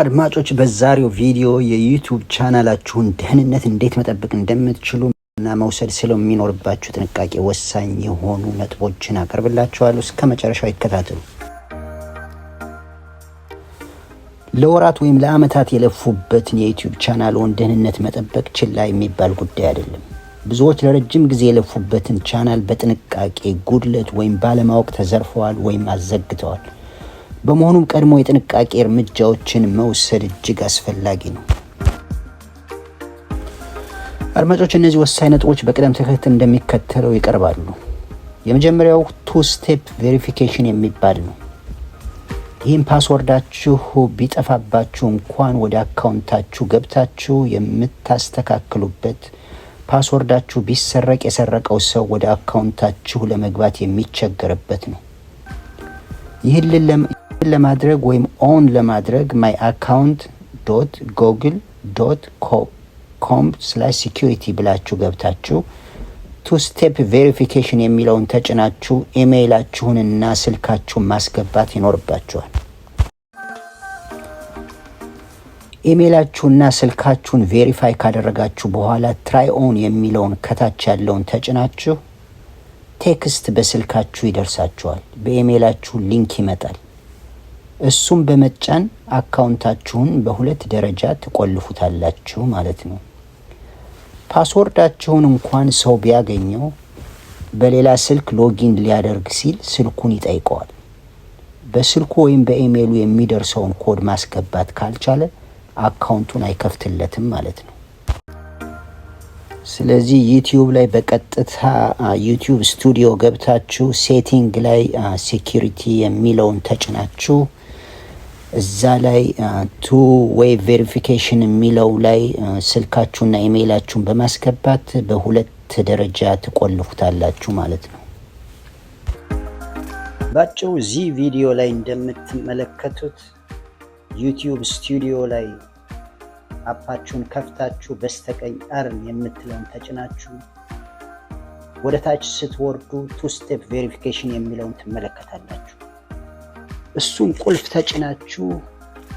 አድማጮች በዛሬው ቪዲዮ የዩቱብ ቻናላችሁን ደህንነት እንዴት መጠበቅ እንደምትችሉ እና መውሰድ ስለሚኖርባችሁ ጥንቃቄ ወሳኝ የሆኑ ነጥቦችን አቀርብላችኋለሁ። እስከ መጨረሻው ይከታተሉ። ለወራት ወይም ለዓመታት የለፉበትን የዩቱብ ቻናልዎን ደህንነት መጠበቅ ችላ የሚባል ጉዳይ አይደለም። ብዙዎች ለረጅም ጊዜ የለፉበትን ቻናል በጥንቃቄ ጉድለት ወይም ባለማወቅ ተዘርፈዋል ወይም አዘግተዋል። በመሆኑም ቀድሞ የጥንቃቄ እርምጃዎችን መውሰድ እጅግ አስፈላጊ ነው። አድማጮች፣ እነዚህ ወሳኝ ነጥቦች በቅደም ተከተል እንደሚከተለው ይቀርባሉ። የመጀመሪያው ቱ ስቴፕ ቬሪፊኬሽን የሚባል ነው። ይህም ፓስወርዳችሁ ቢጠፋባችሁ እንኳን ወደ አካውንታችሁ ገብታችሁ የምታስተካክሉበት ፓስወርዳችሁ ቢሰረቅ የሰረቀው ሰው ወደ አካውንታችሁ ለመግባት የሚቸገርበት ነው። ይህን ለማድረግ ወይም ኦን ለማድረግ ማይ አካውንት ዶት ጎግል ዶት ኮም ስላሽ ሴኪሪቲ ብላችሁ ገብታችሁ ቱ ስቴፕ ቬሪፊኬሽን የሚለውን ተጭናችሁ ኢሜይላችሁንና ስልካችሁን ማስገባት ይኖርባችኋል። ኢሜይላችሁና ስልካችሁን ቬሪፋይ ካደረጋችሁ በኋላ ትራይ ኦን የሚለውን ከታች ያለውን ተጭናችሁ ቴክስት በስልካችሁ ይደርሳችኋል። በኢሜይላችሁ ሊንክ ይመጣል። እሱም በመጫን አካውንታችሁን በሁለት ደረጃ ትቆልፉታላችሁ ማለት ነው። ፓስወርዳችሁን እንኳን ሰው ቢያገኘው በሌላ ስልክ ሎጊን ሊያደርግ ሲል ስልኩን ይጠይቀዋል። በስልኩ ወይም በኢሜይሉ የሚደርሰውን ኮድ ማስገባት ካልቻለ አካውንቱን አይከፍትለትም ማለት ነው። ስለዚህ ዩቲዩብ ላይ በቀጥታ ዩቲዩብ ስቱዲዮ ገብታችሁ ሴቲንግ ላይ ሴኪሪቲ የሚለውን ተጭናችሁ እዛ ላይ ቱ ዌይ ቬሪፊኬሽን የሚለው ላይ ስልካችሁና ኢሜይላችሁን በማስገባት በሁለት ደረጃ ትቆልፉታላችሁ ማለት ነው። ባጭሩ እዚህ ቪዲዮ ላይ እንደምትመለከቱት ዩቲዩብ ስቱዲዮ ላይ አፓችሁን ከፍታችሁ በስተቀኝ አርን የምትለውን ተጭናችሁ ወደ ታች ስትወርዱ ቱ ስቴፕ ቬሪፊኬሽን የሚለውን ትመለከታላችሁ። እሱን ቁልፍ ተጭናችሁ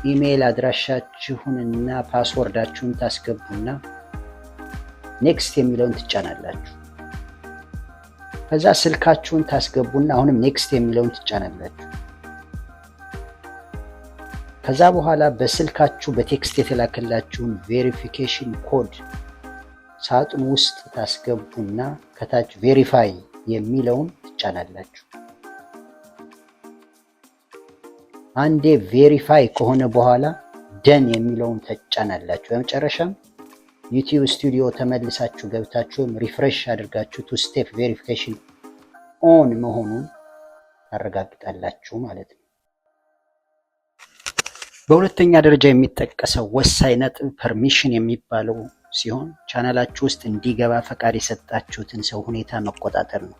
ኢሜይል አድራሻችሁንና ፓስወርዳችሁን ታስገቡና ኔክስት የሚለውን ትጫናላችሁ። ከዛ ስልካችሁን ታስገቡና አሁንም ኔክስት የሚለውን ትጫናላችሁ። ከዛ በኋላ በስልካችሁ በቴክስት የተላከላችሁን ቬሪፊኬሽን ኮድ ሳጥን ውስጥ ታስገቡና ከታች ቬሪፋይ የሚለውን ትጫናላችሁ። አንዴ ቬሪፋይ ከሆነ በኋላ ደን የሚለውን ተጫናላችሁ። በመጨረሻም ዩቲዩብ ስቱዲዮ ተመልሳችሁ ገብታችሁም ሪፍሬሽ አድርጋችሁ ቱ ስቴፕ ቬሪፊኬሽን ኦን መሆኑን ታረጋግጣላችሁ ማለት ነው። በሁለተኛ ደረጃ የሚጠቀሰው ወሳኝ ነጥብ ፐርሚሽን የሚባለው ሲሆን ቻናላችሁ ውስጥ እንዲገባ ፈቃድ የሰጣችሁትን ሰው ሁኔታ መቆጣጠር ነው።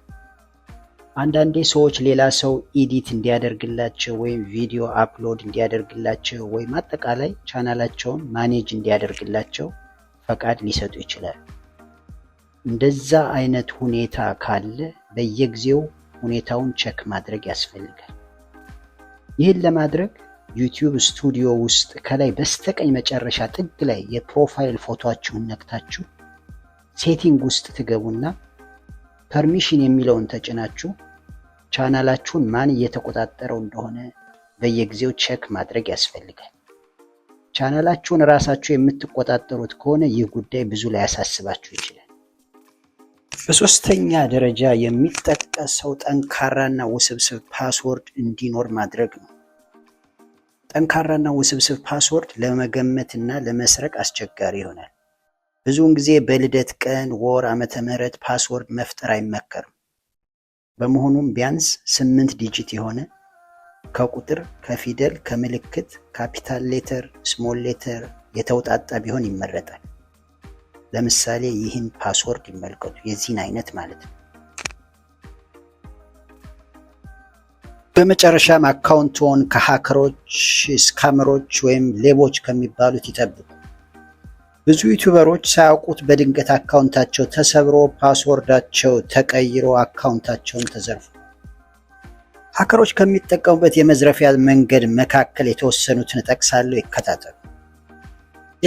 አንዳንዴ ሰዎች ሌላ ሰው ኢዲት እንዲያደርግላቸው ወይም ቪዲዮ አፕሎድ እንዲያደርግላቸው ወይም አጠቃላይ ቻናላቸውን ማኔጅ እንዲያደርግላቸው ፈቃድ ሊሰጡ ይችላል። እንደዛ አይነት ሁኔታ ካለ በየጊዜው ሁኔታውን ቸክ ማድረግ ያስፈልጋል። ይህን ለማድረግ ዩቲዩብ ስቱዲዮ ውስጥ ከላይ በስተቀኝ መጨረሻ ጥግ ላይ የፕሮፋይል ፎቶችሁን ነክታችሁ ሴቲንግ ውስጥ ትገቡና ፐርሚሽን የሚለውን ተጭናችሁ ቻናላችሁን ማን እየተቆጣጠረው እንደሆነ በየጊዜው ቼክ ማድረግ ያስፈልጋል። ቻናላችሁን ራሳችሁ የምትቆጣጠሩት ከሆነ ይህ ጉዳይ ብዙ ላያሳስባችሁ ይችላል። በሶስተኛ ደረጃ የሚጠቀሰው ጠንካራና ውስብስብ ፓስወርድ እንዲኖር ማድረግ ነው። ጠንካራና ውስብስብ ፓስወርድ ለመገመትና ለመስረቅ አስቸጋሪ ይሆናል። ብዙውን ጊዜ በልደት ቀን፣ ወር፣ ዓመተ ምህረት ፓስወርድ መፍጠር አይመከርም። በመሆኑም ቢያንስ ስምንት ዲጂት የሆነ ከቁጥር፣ ከፊደል፣ ከምልክት፣ ካፒታል ሌተር፣ ስሞል ሌተር የተውጣጣ ቢሆን ይመረጣል። ለምሳሌ ይህን ፓስወርድ ይመልከቱ። የዚህን አይነት ማለት ነው። በመጨረሻም አካውንትዎን ከሃከሮች፣ ስካመሮች ወይም ሌቦች ከሚባሉት ይጠብቁ። ብዙ ዩቲዩበሮች ሳያውቁት በድንገት አካውንታቸው ተሰብሮ ፓስወርዳቸው ተቀይሮ አካውንታቸውን ተዘርፎ ሀከሮች ከሚጠቀሙበት የመዝረፊያ መንገድ መካከል የተወሰኑትን እጠቅሳለሁ፣ ይከታተሉ።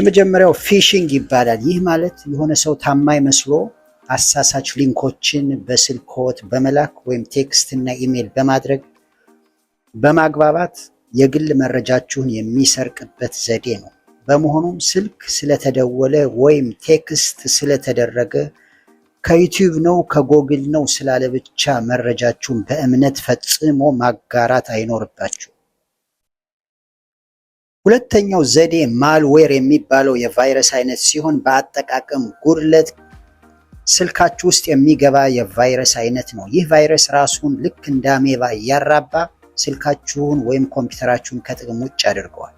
የመጀመሪያው ፊሽንግ ይባላል። ይህ ማለት የሆነ ሰው ታማኝ መስሎ አሳሳች ሊንኮችን በስልኮት በመላክ ወይም ቴክስት እና ኢሜይል በማድረግ በማግባባት የግል መረጃችሁን የሚሰርቅበት ዘዴ ነው። በመሆኑም ስልክ ስለተደወለ ወይም ቴክስት ስለተደረገ ከዩቲዩብ ነው ከጎግል ነው ስላለ ብቻ መረጃችሁን በእምነት ፈጽሞ ማጋራት አይኖርባችሁ። ሁለተኛው ዘዴ ማልዌር የሚባለው የቫይረስ አይነት ሲሆን በአጠቃቀም ጉድለት ስልካችሁ ውስጥ የሚገባ የቫይረስ አይነት ነው። ይህ ቫይረስ ራሱን ልክ እንደ አሜባ እያራባ ስልካችሁን ወይም ኮምፒውተራችሁን ከጥቅም ውጭ አድርገዋል።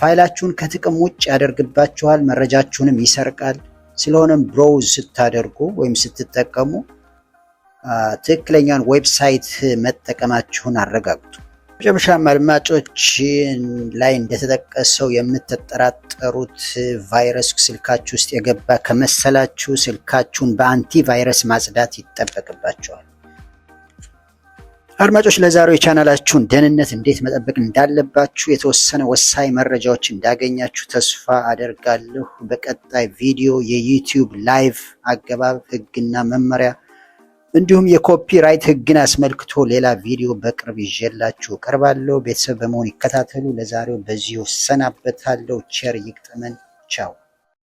ፋይላችሁን ከጥቅም ውጭ ያደርግባችኋል፣ መረጃችሁንም ይሰርቃል። ስለሆነም ብሮውዝ ስታደርጉ ወይም ስትጠቀሙ ትክክለኛውን ዌብሳይት መጠቀማችሁን አረጋግጡ። መጨረሻ አድማጮች ላይ እንደተጠቀሰው የምትጠራጠሩት ቫይረስ ስልካችሁ ውስጥ የገባ ከመሰላችሁ ስልካችሁን በአንቲ ቫይረስ ማጽዳት ይጠበቅባችኋል። አድማጮች ለዛሬው የቻናላችሁን ደህንነት እንዴት መጠበቅ እንዳለባችሁ የተወሰነ ወሳኝ መረጃዎች እንዳገኛችሁ ተስፋ አደርጋለሁ። በቀጣይ ቪዲዮ የዩቲዩብ ላይቭ አገባብ ህግና መመሪያ እንዲሁም የኮፒራይት ህግን አስመልክቶ ሌላ ቪዲዮ በቅርብ ይዤላችሁ እቀርባለሁ። ቤተሰብ በመሆን ይከታተሉ። ለዛሬው በዚሁ ሰናበታለሁ። ቸር ይግጠመን። ቻው